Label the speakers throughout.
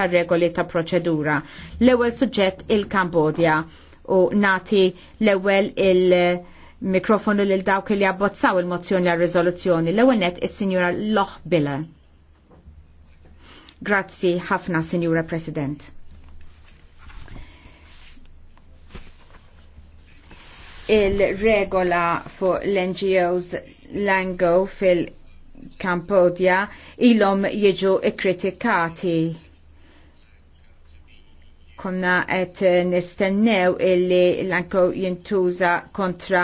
Speaker 1: ta' regoli ta' proċedura. L-ewwel suġġett il-Kambodja u nati l-ewwel il-mikrofonu lil dawk li abbozzaw il-mozzjoni għal riżoluzzjoni L-ewwel net is-Sinjura Loch Bille. Grazzi ħafna, Sinjura President. il-regola fuq l-NGOs Lango fil-Kampodja ilhom jiġu ikkritikati konna qed nistennew illi l-anko jintuża kontra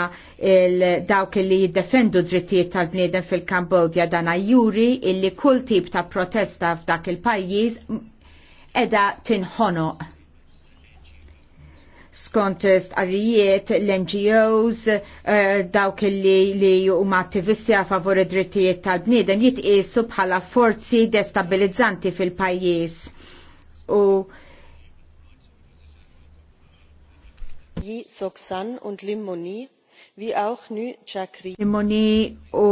Speaker 1: dawk illi jiddefendu drittijiet tal-bniedem fil-Kambodja dana juri illi kull tip ta' protesta f'dak il-pajjiż edha tinħonoq skont stqarrijiet l-NGOs eh, dawk illi li huma attivisti a favori drittijiet tal-bniedem jitqisu bħala forzi destabilizzanti fil-pajjiż u Yi Soksan und Lim Moni, wie auch Nü Chakri. Lim Moni u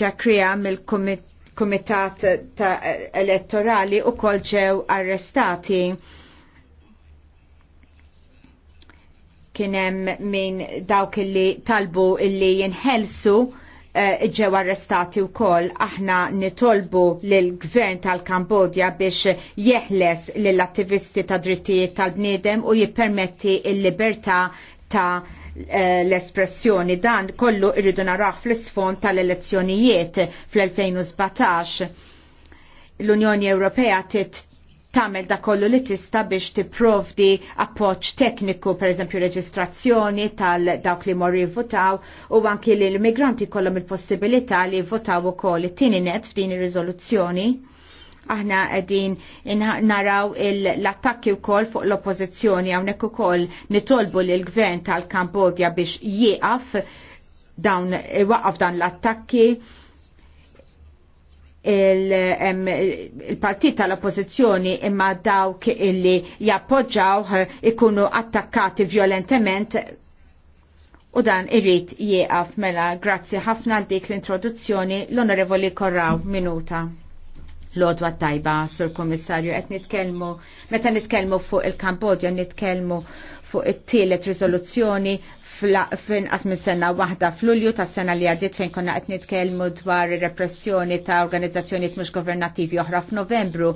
Speaker 1: Ġakria eh, mill-Kumitat Elettorali u kol ġew arrestati. Kienem minn dawk illi talbu illi jinħelsu Eh, ġew arrestati wkoll aħna nitolbu lill gvern tal-Kambodja biex jeħles lill attivisti ta' drittijiet tal-bniedem u jippermetti il-libertà ta' eh, l-espressjoni dan kollu irridu naraħ fl-isfond tal-elezzjonijiet fl-2017 l-Unjoni Ewropea tamel da kollu li tista' biex tipprovdi appoġġ tekniku, pereżempju reġistrazzjoni tal dawk li morri votaw u anki li l-immigranti kollhom il-possibilità li votaw ukoll it-tieni net f'din ir-riżoluzzjoni. Aħna qegħdin naraw l-attakki wkoll fuq l-oppożizzjoni hawnhekk ukoll nitolbu lill gvern tal-Kambodja biex jieqaf dawn waqaf dan l-attakki il-partit il tal-oppozizjoni imma dawk illi jappoġġaw ikunu attakkati violentement u dan irrit jieqaf mela. Grazzi ħafna għal dik l-introduzzjoni l-Onorevoli Korraw minuta l-odwa tajba, sur komissarju, qed nitkellmu, meta nitkellmu fuq il-Kambodja, nitkellmu fuq it-tielet fin f'inqas minn sena waħda f'Lulju tas sena li għaddiet fejn konna qed nitkellmu dwar ir repressjoni ta' organizzazzjonijiet mhux governattivi oħra f'Novembru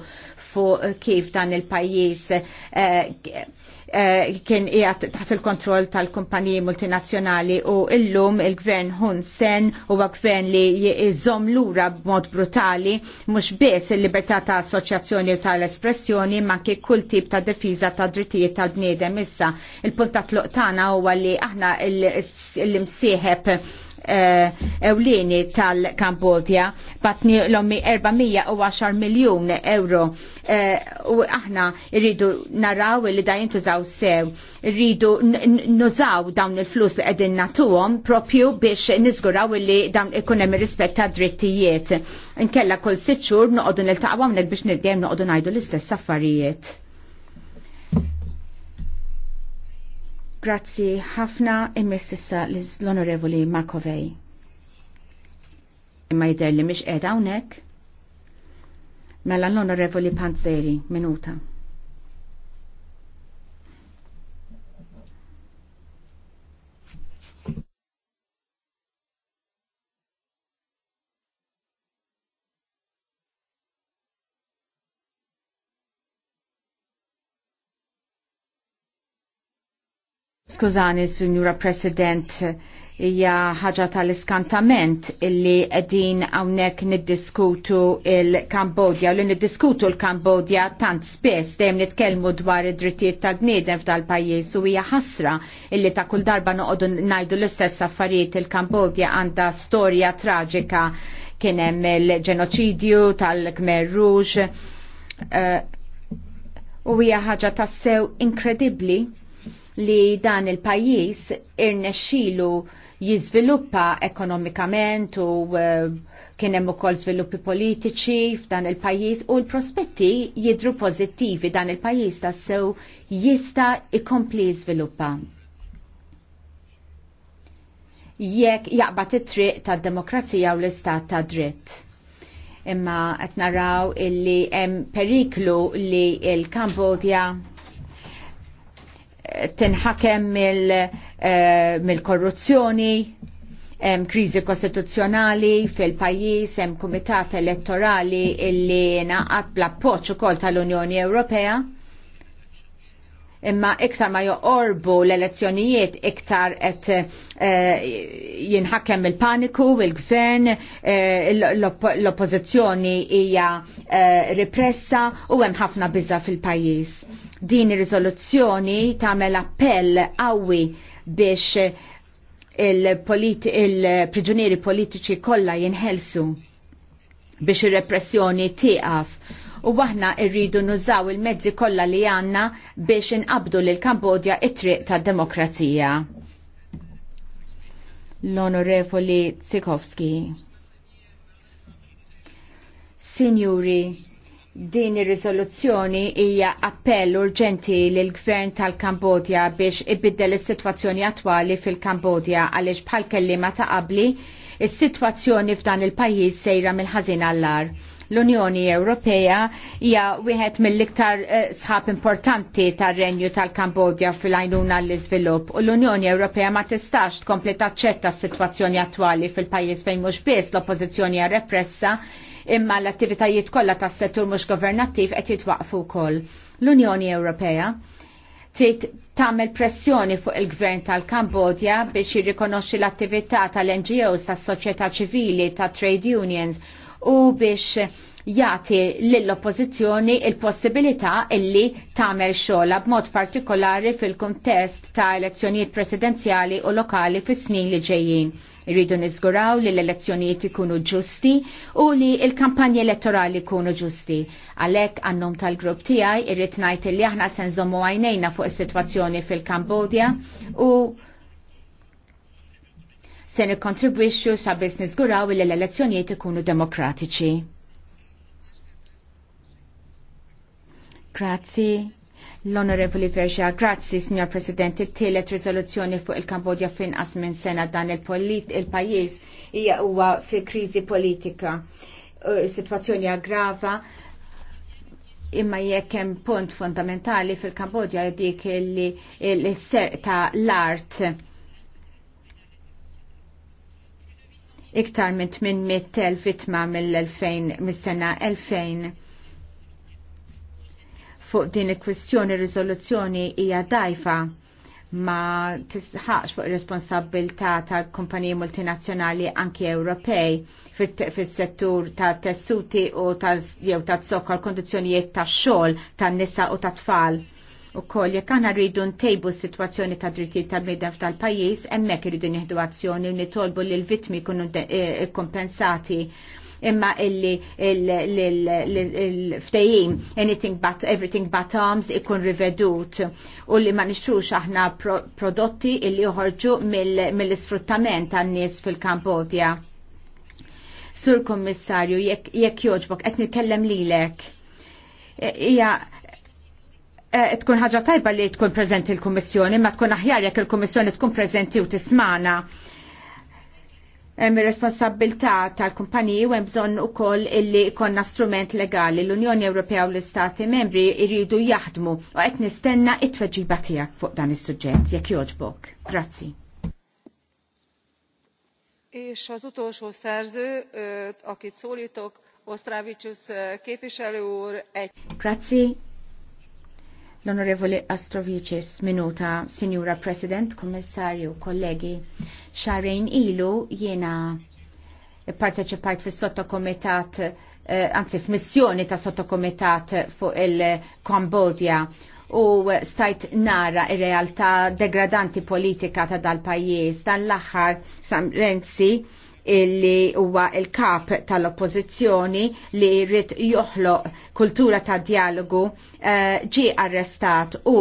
Speaker 1: fuq kif dan il-pajjiż eh, Eh, kien qiegħed taħt il-kontroll tal-kumpaniji multinazzjonali u illum il-gvern Hun Sen huwa gvern li jżomm lura b'mod brutali mhux biss il-libertà ta' assoċjazzjoni u tal-espressjoni ma ki kull tip ta' difiża ta' drittijiet tal-bniedem issa. Il-punt ta' tluqtana huwa li aħna l-imsieħeb Eh, ewlieni tal-Kambodja batni l-ommi 410 miljon euro eh, u aħna rridu naraw li da jintużaw sew rridu nużaw dawn il-flus li qegħdin natuhom propju biex niżguraw li dawn ikun hemm ta' drittijiet. Inkella kull sitt xhur noqogħdu niltaqgħu hawnhekk biex niddejem noqogħdu ngħidu l-istess affarijiet. Grazzi ħafna immessissa l-Onorevoli Markovej. Imma jider li mish edha unek. Mela l-Onorevoli Panzeri, minuta. Skużani, Signora President, hija ħaġa tal-iskantament illi qegħdin hawnhekk niddiskutu il-Kambodja u li niddiskutu l-Kambodja tant spess dejjem nitkellmu dwar id-drittijiet tal-bniedem f'dal-pajjiż u hija ħasra illi ta' kull darba noqogħdu ngħidu l-istess affarijiet il-Kambodja għandha storja traġika kien hemm il-ġenoċidju tal-Khmer Rouge uh, u hija ħaġa tassew inkredibbli li dan il-pajis irnexxilu jiżviluppa ekonomikament u e, kien hemm ukoll żviluppi politiċi f'dan il-pajjiż u l-prospetti jidru pożittivi dan il-pajjiż tassew jista' ikompli jiżviluppa. Jekk jaqbad it-triq tad-demokrazija u l-istat ta' dritt. Imma qed naraw illi hemm periklu li l-Kambodja il tinħakem eh, mill-korruzzjoni, hemm kriżi kostituzzjonali fil-pajjiż, hemm kumitat elettorali illi naqat bl-appoġġ ukoll tal-Unjoni Ewropea. Imma iktar ma joqorbu l-elezzjonijiet iktar qed eh, jinħakem il-paniku, il-gvern, eh, l-oppożizzjoni hija repressa u hemm ħafna biża fil-pajjiż Din ir-riżoluzzjoni tagħmel appell qawwi biex il-priġunieri il politiċi kollha jinħelsu biex ir-repressjoni tieqaf u waħna irridu nużaw il-mezzi kollha li għanna biex inqabdu lil Kambodja it-triq tad demokrazija. L-Onorevoli Tsikowski. Signori, Din ir-riżoluzzjoni hija appell urġenti lil gvern tal-Kambodja biex ibiddel is-sitwazzjoni attwali fil-Kambodja għaliex bħal ma ta' qabli is-sitwazzjoni f'dan il-pajjiż sejra mill-ħażin għall-ar. L-Unjoni Ewropea hija wieħed mill-iktar eh, sħab importanti tar-renju tal-Kambodja fil-għajnuna l-iżvilupp u l-Unjoni Ewropea ma tistax tkompli taċċetta s-sitwazzjoni attwali fil-pajjiż fejn mhux biss l-oppożizzjoni hija repressa imma l-attivitajiet kollha tas-settur mhux governattiv qed jitwaqfu wkoll. L-Unjoni Ewropea trid tagħmel pressjoni fuq il-gvern tal-Kambodja biex jirrikonoxxi l-attività tal-NGOs tas-soċjetà ċivili, ta' trade unions u biex jati lill-oppozizjoni il-possibilità illi tagħmel xogħla b'mod partikolari fil-kuntest ta' elezzjonijiet presidenziali u lokali fis-snin li ġejjin. Irridu niżguraw li l-elezzjonijiet ikunu ġusti u li l-kampanji elettorali ikunu ġusti. Għalhekk għannum tal-grupp tiegħi irrid ngħid li aħna se nżommu għajnejna fuq is-sitwazzjoni fil-Kambodja u se nikkontribwixxu business niżguraw li l-elezzjonijiet ikunu demokratiċi. Grazzi. L-Onorevoli Verja, grazzi, Signor President, it-tielet rizoluzzjoni fuq il-Kambodja finqas minn sena dan il-pajjiż il hija huwa fi krizi politika. Situazzjoni aggrava imma jekk hemm punt fundamentali fil-Kambodja dik il-serq ta' l-art iktar minn 800.000 vittma mill-2000 mis-sena 2000. Fuq din il-kwistjoni riżoluzzjoni hija dajfa ma tisħaqx fuq responsabilità ta' kumpaniji multinazzjonali anki Ewropej fis-settur ta' tessuti u ta' jew ta' zokkol kondizzjonijiet ta' xogħol tan-nisa u ta' tfal U koll, jek għana rridu ntejbu s-situazzjoni ta' drittijiet tal-medaf tal-pajis, emmek rridu nieħdu azzjoni u nitolbu li l-vittmi kunu eh, eh, kompensati imma illi l-ftejim anything but everything but arms ikun rivedut u li ma nixxux aħna prodotti illi joħorġu mill-sfruttament tan nies fil-Kambodja. Sur Kommissarju, jekk joġbok, etni qed nitkellem lilek. E, Ija, Eh, tkun ħaġa tajba li tkun prezenti l-Kummissjoni, ma tkun aħjar jekk il-Kummissjoni tkun prezenti u tismana. Hemm ir-responsabilità tal-kumpaniji u hemm bżonn ukoll illi konna strument legali l-Unjoni Ewropea u l-Istati Membri jridu jaħdmu u qed nistenna it-tweġiba tiegħek fuq dan is-suġġett jekk jogħġbok. Grazzi. És az utolsó szerző, akit szólítok, Osztrávicsus képviselő úr egy. Grazie, L-Onorevoli Astrovicis, minuta, Signora President, Kommissarju, kollegi, xarrejn ilu jiena parteċipajt fis sottokomitat eh, anzi f'missjoni ta' sottokomitat fuq il-Kambodja u stajt nara ir-realtà degradanti politika ta' dal-pajjiż dan l-aħħar Sam Renzi illi huwa il-kap tal-oppozizjoni li rrit joħloq kultura ta' dialogu eh, ġi uh, arrestat u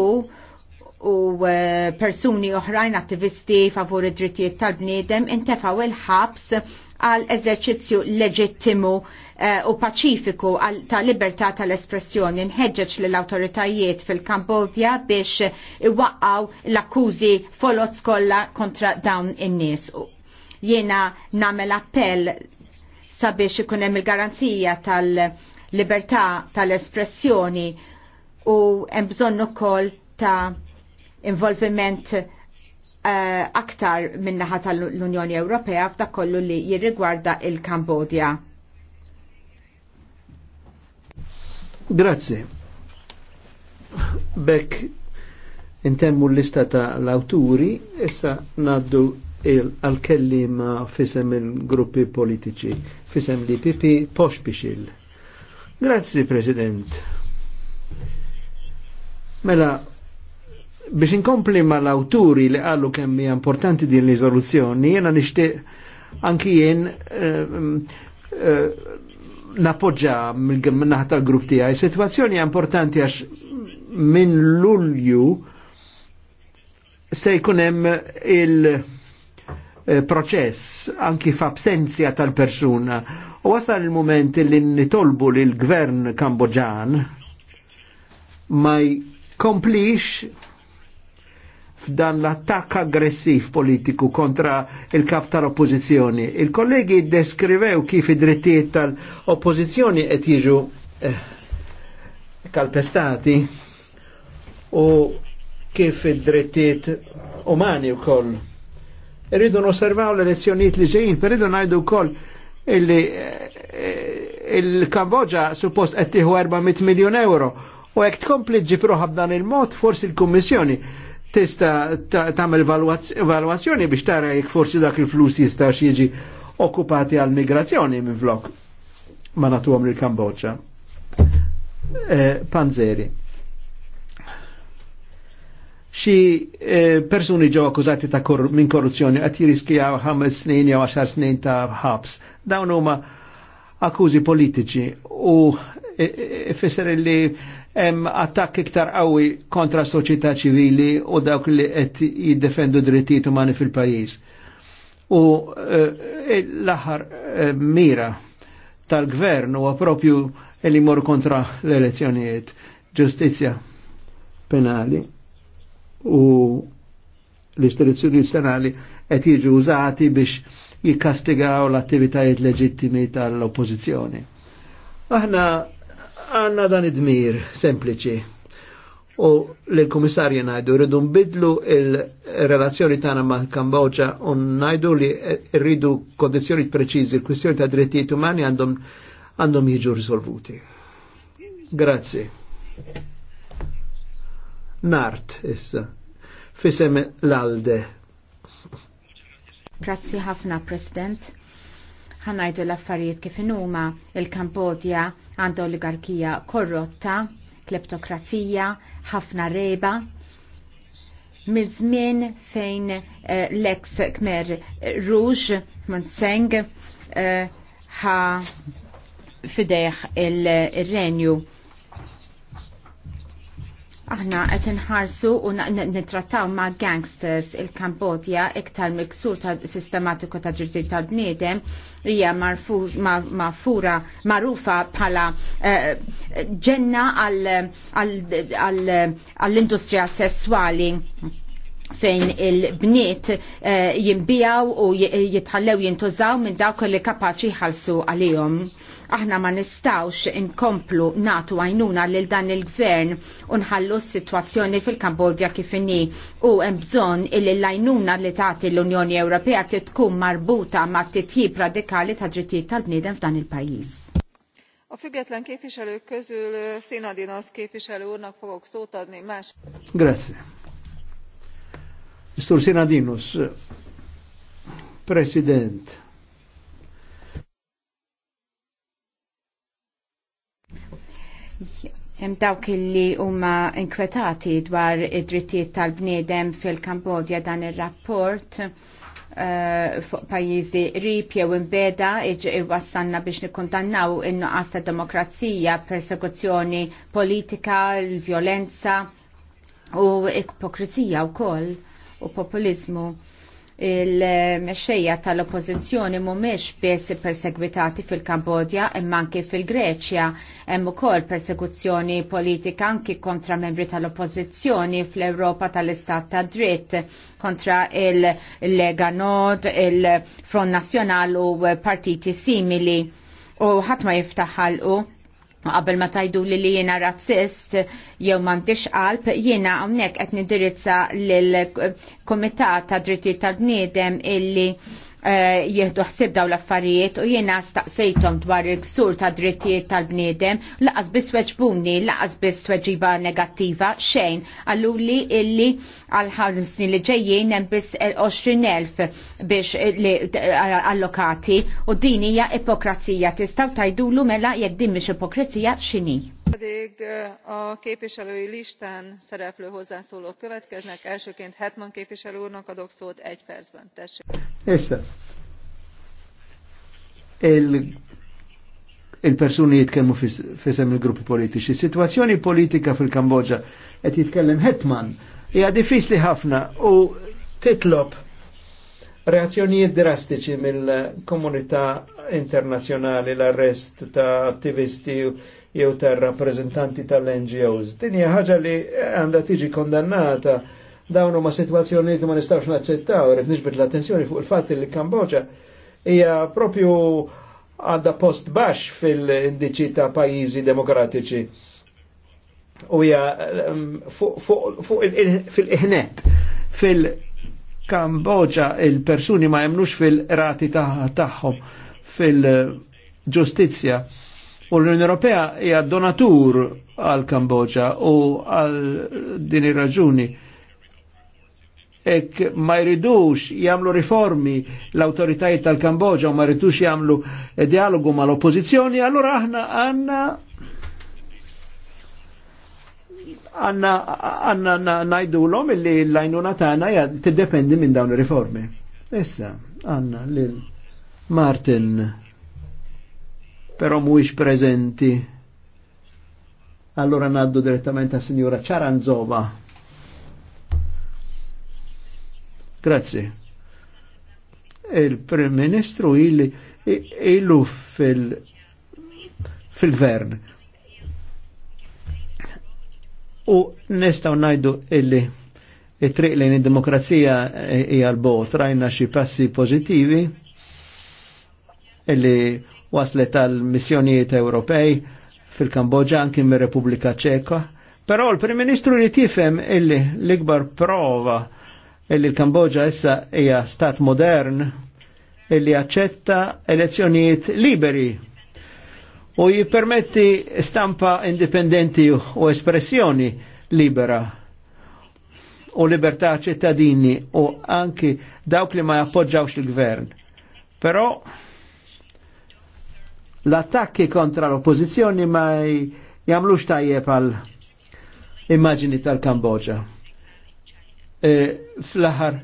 Speaker 1: u eh, persuni oħrajn attivisti favur id-drittijiet tal-bniedem intefaw il-ħabs għal eżerċizzju leġittimu eh, u paċifiku ta' libertà tal-espressjoni nħeġġeġ l awtoritajiet fil-Kambodja biex iwaqqaw l-akkużi folot skolla kontra dawn in-nies Jiena nagħmel appell sabiex ikun hemm il-garanzija tal-libertà tal-espressjoni u hemm bżonn ukoll ta' involviment uh, aktar min-naħa tal-Unjoni Ewropea f'dak kollu li jirrigwarda il-Kambodja.
Speaker 2: Grazie. Bekk intemmu l-lista ta' l-awturi, issa naddu għal ma fisem il-gruppi politiċi, fisem li pipi pox biexil. Grazzi, President. Mela, biex inkompli ma l-awturi li għallu kemm hija importanti din l-izoluzzjoni, jena nishti anki jen eh, eh, napoġġa minnaħta l grupp tiegħi. Situazzjoni importanti għax minn Lulju se jkunem hemm il- Eh, proċess anki f'absenzja tal-persuna. U wasal il-moment li nitolbu li l-gvern kambodġan ma jkomplix f'dan l-attakk aggressiv politiku kontra il-kap tal-oppozizjoni. Il-kollegi deskrivew kif id-drittijiet tal-oppozizjoni qed jiġu eh, kalpestati u kif id-drittijiet umani wkoll Irridu nosservaw l-elezzjonijiet li ġejjin, perridu ngħidu wkoll illi eh, il-Kambodġa suppost qed tieħu 400 miljun euro u jekk tkompli ġipruħa b'dan il-mod forsi l-Kummissjoni tista' tagħmel valwazzjoni biex tara jekk forsi dak il-flus jistax jiġi okkupati għall migrazzjoni minn flok ma nagħtuhom lill-Kambodġa. Eh, Panzeri xi eh, persuni ġew akkużati ta' kor minn korruzzjoni qed jiriskjaw ħames snin jew għaxar snin ta' ħabs. Dawn huma akkużi politiċi u ifisser e, e, e, li hemm attakk iktar qawwi kontra soċjetà ċivili u dawk li qed jiddefendu drittijiet umani fil-pajjiż. U l-aħħar mira tal-gvern huwa propju li mor kontra l-elezzjonijiet. Ġustizzja penali u l-istituzzjoni nazzjonali qed jiġu użati biex jikkastigaw l-attivitajiet leġittimi tal-oppożizzjoni. Aħna għanna dan id-dmir sempliċi u l-komissarji najdu rridu nbidlu il-relazzjoni tagħna ma' Kambodġa u najdu li rridu kondizzjoni preċiżi l-kwistjoni ta' drittijiet umani għandhom għandhom jiġu risolvuti. Grazie. Nart issa. Fisem l-alde.
Speaker 1: Grazzi ħafna, President. Ħanajdu l-affarijiet kif inhuma il-Kambodja għandha oligarkija korrotta, kleptokrazija, ħafna reba, mill-żmien fejn uh, l-ex Khmer Rouge Monseng uh, eh, ha fideħ il-renju. il renju Aħna qed inħarsu u nittrattaw ma' gangsters il-Kambodja iktar miksur ta' sistematiku ta' ġirġi ta' bniedem hija marfura marufa bħala eh, ġenna għall-industrija sessuali fejn il-bniet eh, jimbijaw u jitħallew jintużaw minn dawk li kapaċi ħalsu għalihom. Aħna ma nistawx inkomplu natu għajnuna lil dan il-gvern unħallu nħallu s-situazzjoni fil-Kambodja kifini u hemm bżonn il l-għajnuna li tagħti l-Unjoni Ewropea titkum marbuta ma' titjib radikali ta' drittijiet tal-bniedem f'dan il-pajjiż. A független képviselők közül Színadinasz képviselő úrnak fogok szót adni más. Grazie.
Speaker 2: Mr. Sinadinus, President.
Speaker 1: Hemm dawk li huma inkwetati dwar id-drittijiet tal-bniedem fil-Kambodja dan ir-rapport eh, fuq pajjiżi rip jew imbeda wassanna biex nikkundannaw in-nuqqas ta' demokrazija, persekuzzjoni politika, l-vjolenza u ipokrizija wkoll u populizmu il-mexxejja tal-oppożizzjoni mhumiex biss persegwitati fil-Kambodja imma anke fil-Greċja hemm ukoll persekuzzjoni politika anke kontra membri tal-oppożizzjoni fl-Ewropa tal-Istat ta' dritt kontra il-Lega Nord, il-Front Nazzjonal u partiti simili u ħadd ma jiftaħħalqu qabel ma tajdu li li jena razzist jew m'għandix qalb, jiena hawnhekk qed nindirizza lill kumitat ta' Drittijiet tal-Bniedem illi Eh, jieħdu ħsib daw l-affarijiet u jiena staqsejtom dwar il-ksur ta' drittijiet tal-bniedem laqas biss weġbuni, laqas biss weġiba negattiva xejn li illi għal ħadm li ġejjin hemm biss 20,000 eh, biex eh, allokati u din hija ipokrazija tistaw tajdulu mela jekk din mhix ipokrazija x'inhi pedig a képviselői listán szereplő hozzászólók következnek elsőként hetman képviselő úrnak adok szót egy percben tessék.
Speaker 2: Issa. Il, il persuni jitkellmu fisem il-gruppi politiċi. Situazzjoni politika fil-Kambodġa qed jitkellem hetman hija diffiċli ħafna u titlob reazzjonijiet drastiċi mill-komunità internazzjonali l-arrest ta' attivisti u jew tar-rappreżentanti tal-NGOs. Din hija ħaġa li għandha tiġi kondannata dawn huma sitwazzjoni li ma nistgħux naċċettaw, rrid nixbet l-attenzjoni fuq il-fatt li Kamboġa hija propju għandha post baxx fil-indiċi ta' pajjiżi demokratiċi u hija ehm, fil-iħnet fil-Kamboġa il-persuni ma jemnux fil-rati tagħhom fil-ġustizzja. Ta U l-Unjoni Ewropea hija donatur għal Kambodġa u għal din ir-raġuni ek ma jridux jamlu riformi l-autoritajiet tal-Kambodġa u ma jridux jamlu dialogu ma l-oppozizjoni, allora aħna għanna għanna għanna najdu l-om illi l-lajnuna tana tiddependi minn dawn il-riformi. Issa, għanna lil Martin però mhuwiex preżenti. Allora naddu direttament għas Signora Ċaranzova. Grazie. Il-Prim Ministru illi ilu fil- fil-gvern. U nistaw najdu illi it-triq lejn id-demokrazija hija l-bot, rajna xi passi pożittivi illi waslet tal-missjonijiet Ewropej fil-Kambodġa anki mir repubblika Ċeka. Però l-Prim Ministru li tifhem illi l-ikbar prova illi l-Kambodġa issa hija stat modern illi aċċetta elezzjonijiet liberi u jippermetti stampa indipendenti u espressjoni libera u libertà ċittadini u anki dawk li ma jappoġġawx il-gvern. Però L-attakki kontra l-oppozizjoni ma jamlux tajjeb għal immaġini tal-Kambodġa. E, Fl-aħar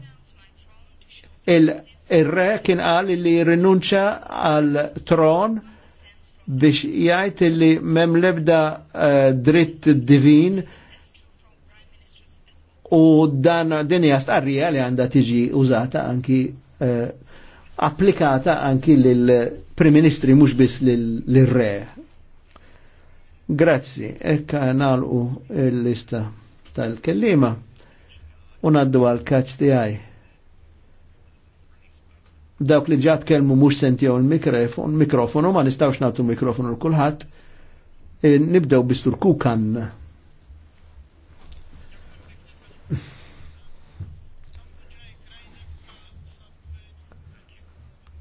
Speaker 2: il-re il kien għal li rinunċa għal tron biex jgħajt li mem lebda uh, dritt divin u dan dinja hija starrija li għanda tiġi użata anki uh, applikata anki lill-Prim Ministri mhux biss lill-Re. Grazzi, ekka nalqu l-lista tal-kellima u naddu għal-kaċ tiegħi. Dawk li ġat kelmu mhux sentijaw il-mikrofon, mikrofonu ma nistawx nagħtu mikrofonu l-kulħadd. E, nibdew bistur kukan.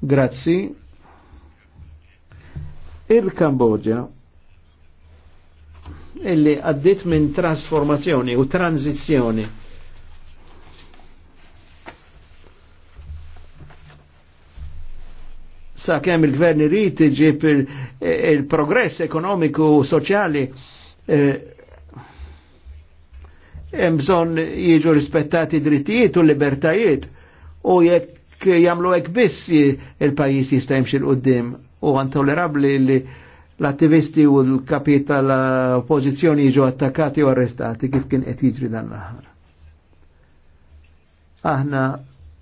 Speaker 2: Grazzi. Il-Kambodġa illi għaddit minn trasformazzjoni u tranzizzjoni. Sa kemm il-gvern irid iġib il-progress ekonomiku u soċjali eh, hemm bżonn jiġu rispettati drittijiet u libertajiet u jekk jamlu hekk biss il-pajjiż jista' jimxi l-qudiem u għantolerabli li l-attivisti u l kapita tal-oppozizjoni jiġu attakati u arrestati kif kien qed jiġri dan l-aħħar. Aħna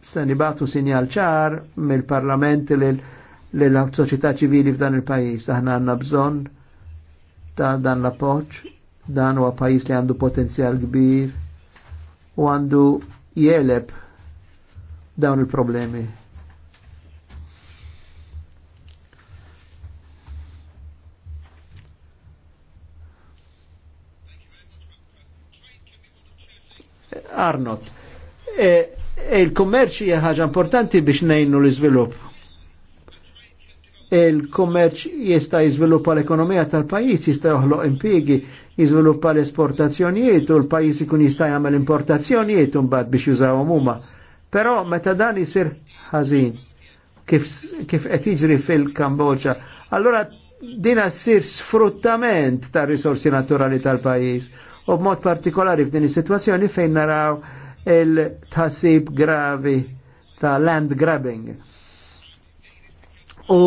Speaker 2: se nibatu sinjal ċar mill-Parlament lill-soċjetà ċivili f'dan il-pajjiż. Aħna għandna bżonn ta' dan l-appoġġ, dan huwa pajjiż li għandu potenzjal kbir u għandu jeleb dawn il-problemi. Arnott. E, e il-kommerċ hija ħaġa importanti biex nejnu l-iżvilupp. il-kommerċ jista' jiżviluppa l-ekonomija tal-pajjiż, jista' joħloq impjiegi, jiżviluppa l-esportazzjonijiet u l-pajjiż ikun jista' jagħmel importazzjonijiet u mbagħad biex jużawhom huma. Pero meta dan jisir ħażin kif qed jiġri fil-Kambodġa, allora dina ssir sfruttament ta' risorsi naturali tal-pajjiż u b'mod partikolari f'din is-sitwazzjoni fejn naraw il tħassib gravi ta' land grabbing. U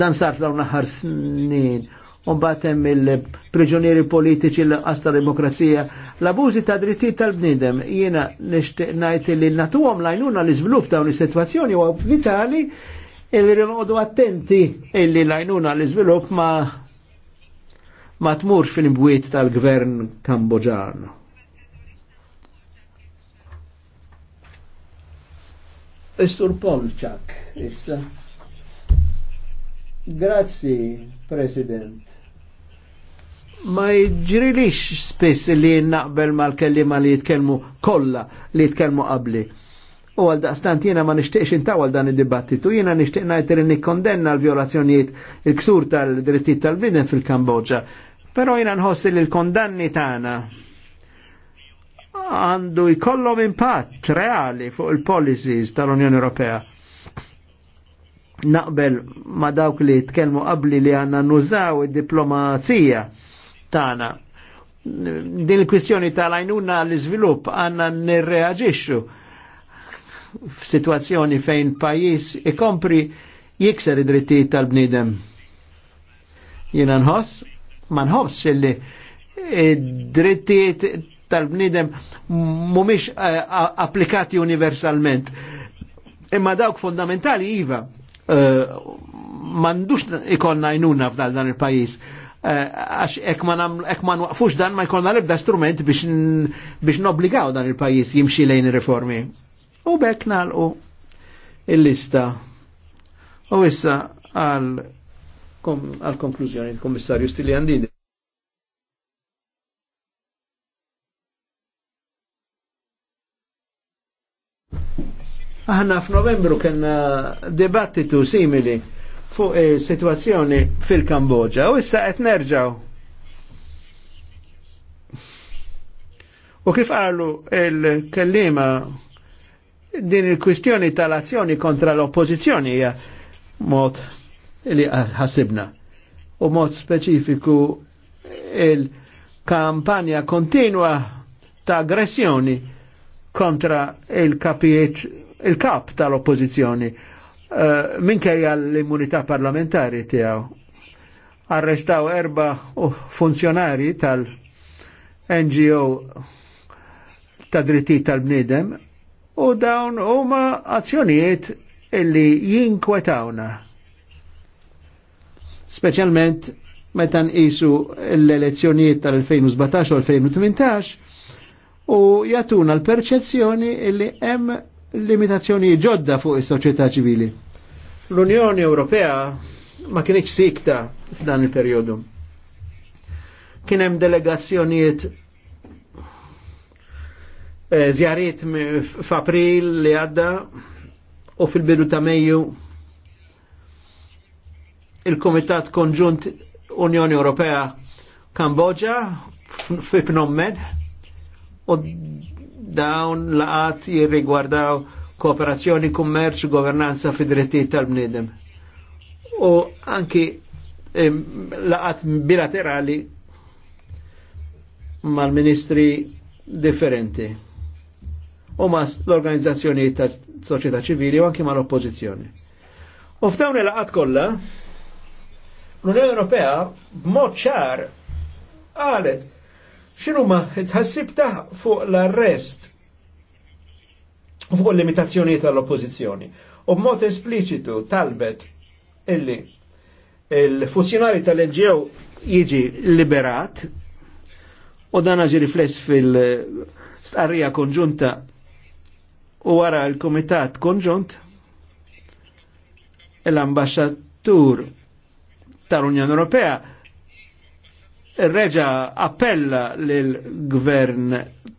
Speaker 2: dan sar fl-għuna snin unbatem il-prigjonieri politiċi l-asta demokrazija, l-abużi ta' dritti tal-bnidem. Jiena nishtiq najt li natuwom lajnuna li zvilup ta' un-situazzjoni u vitali illi rinqodu attenti illi lajnuna li zvilup ma ma tmurx fil imbwit tal-gvern kambodġan. Istur Polċak, issa. Grazzi, President ma jġrilix spiss li naqbel mal-kellima li jitkelmu kolla li jitkelmu qabli. U għal daqstant jena ma nishtiqx intaw għal dan id-dibattitu, jena nishtiq najt li nikkondenna l-violazzjonijiet il-ksur tal-drittijiet tal-bnidem fil-Kambodġa. Pero jena nħossi li l-kondanni tagħna għandu jkollhom impatt reali fuq il-policies tal-Unjoni Ewropea. Naqbel ma dawk li tkellmu qabli li għanna nużaw id-diplomazija tana. Din il-kwistjoni tal ajnuna l-iżvilupp għandna nirreaġixxu f'sitwazzjoni fejn pajjiż ikompri jikser id-drittijiet tal-bniedem. Jiena nħoss, ma nħoss illi id-drittijiet tal-bniedem mhumiex eh, applikati universalment. Imma dawk fundamentali iva, uh, eh, mandux ikonna jnuna f'dal dan il-pajis. Eh, għax ek ma nwaqfux dan ma jkollna l-ebda strument biex, biex nobligaw dan il-pajis jimxi lejn il-reformi. U bekk nalqu il-lista. U issa għal-konklużjoni il-Kommissarju Stiljandini. Aħna f'Novembru kena debattitu simili fuq eh, situazzjoni fil-Kambodġa u issa qed nerġaw. U kif qalu il-kellima din il-kwistjoni tal-azzjoni kontra l oppożizzjoni hija mod li ħasibna u mod speċifiku il-kampanja kontinua ta' aggressjoni kontra il-kapijiet il-kap tal oppożizzjoni uh, minkejja l-immunità parlamentari tiegħu. Arrestaw erba funzjonari tal-NGO ta' dritti tal-bnidem u dawn huma azzjonijiet illi jinkwetawna. Speċjalment meta nqisu l-elezzjonijiet tal-2017 u 2018 u jatuna l-perċezzjoni illi hemm limitazzjoni ġodda fuq is-soċjetà ċivili. L-Unjoni Ewropea ma kienx sikta f'dan il-perjodu. Kien hemm delegazzjonijiet żjarit eh, f'April li għadda u fil-bidu ta' Mejju il-Komitat Konġunt Unjoni Ewropea Kambodġa fi Phnom u dawn laqat jirrigwardaw kooperazzjoni, kummerċ, governanza fi drittijiet tal bnidem U anki laqat bilaterali mal-ministri differenti u ma l-organizzazzjoni ta' soċjetà ċivili u anki ma l-oppożizzjoni. U f'dawn il-laqat kollha l-Unjoni Ewropea b'mod ċar qalet Xinu ma tħassib ta' fuq l-arrest fuq l-limitazzjoni tal-oppozizjoni. U b'mod espliċitu talbet illi il-funzjonari tal-NGO jiġi liberat u dan ġi rifless fil-starrija konġunta u wara l-komitat konġunt l ambasġatur tal-Unjoni Ewropea reġa appella l-gvern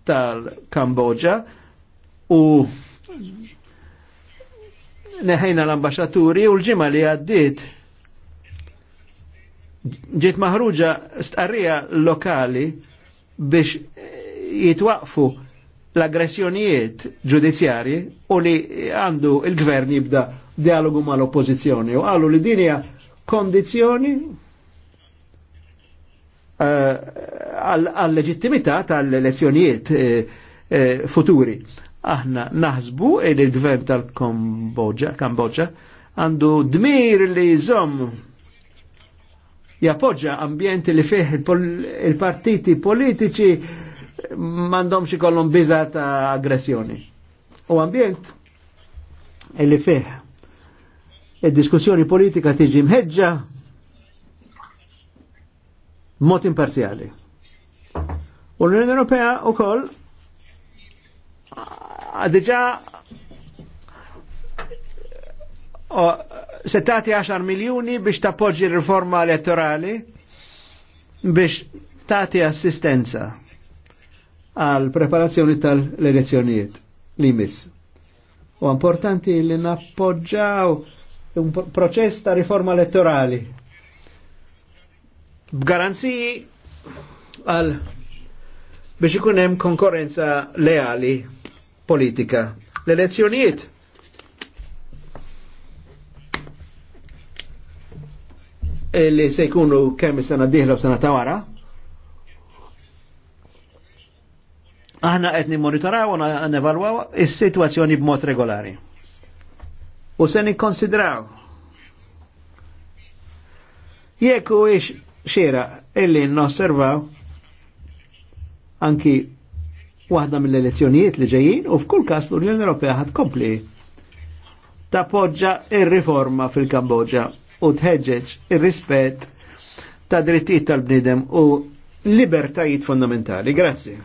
Speaker 2: tal-Kambodġa u neħajna l ambasġaturi u l-ġimma li għaddit ġiet maħruġa starrija lokali biex jitwaqfu l-aggressjonijiet ġudizzjarji u li għandu il-gvern jibda dialogu mal-oppozizjoni u għallu li dinja kondizjoni Eh, għal-leġittimità tal-elezzjonijiet eh, eh, futuri. Aħna naħsbu il-gvern tal-Kambodġa għandu dmir li jżom jappoġġa ambjenti li fih il-partiti politiċi xi kollhom biża ta' aggressjoni. U ambjent li fih id-diskussjoni politika tiġi mħeġġa mod imparzjali. U l-Unjoni Ewropea wkoll diġà settati 10 miljuni biex tappoġġi riforma elettorali biex tati assistenza għal preparazzjoni tal-elezzjonijiet li miss. U importanti li nappoġġaw un proċess ta' riforma elettorali b'garanziji għal biex ikun hemm konkurrenza leali politika. L-elezzjonijiet Illi e se jkunu kemm is-sena d-dieħla u sena ta' wara. Aħna qed nimmonitoraw u nevalwaw is-sitwazzjoni b'mod regolari. U se nikkonsidraw jekk huwiex xera illi nosservaw anki waħda mill-elezzjonijiet li ġejjin u f'kull każ l-Unjoni Ewropea ħad kompli tappoġġa ir-riforma fil-Kambodġa u tħeġġeġ ir-rispett ta' drittijiet tal-bnidem u libertajiet fondamentali. Grazzi.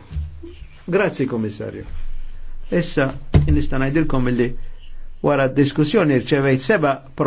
Speaker 2: Grazzi, komissarju. Issa, nista' ngħidilkom illi wara d-diskussjoni rċevejt seba'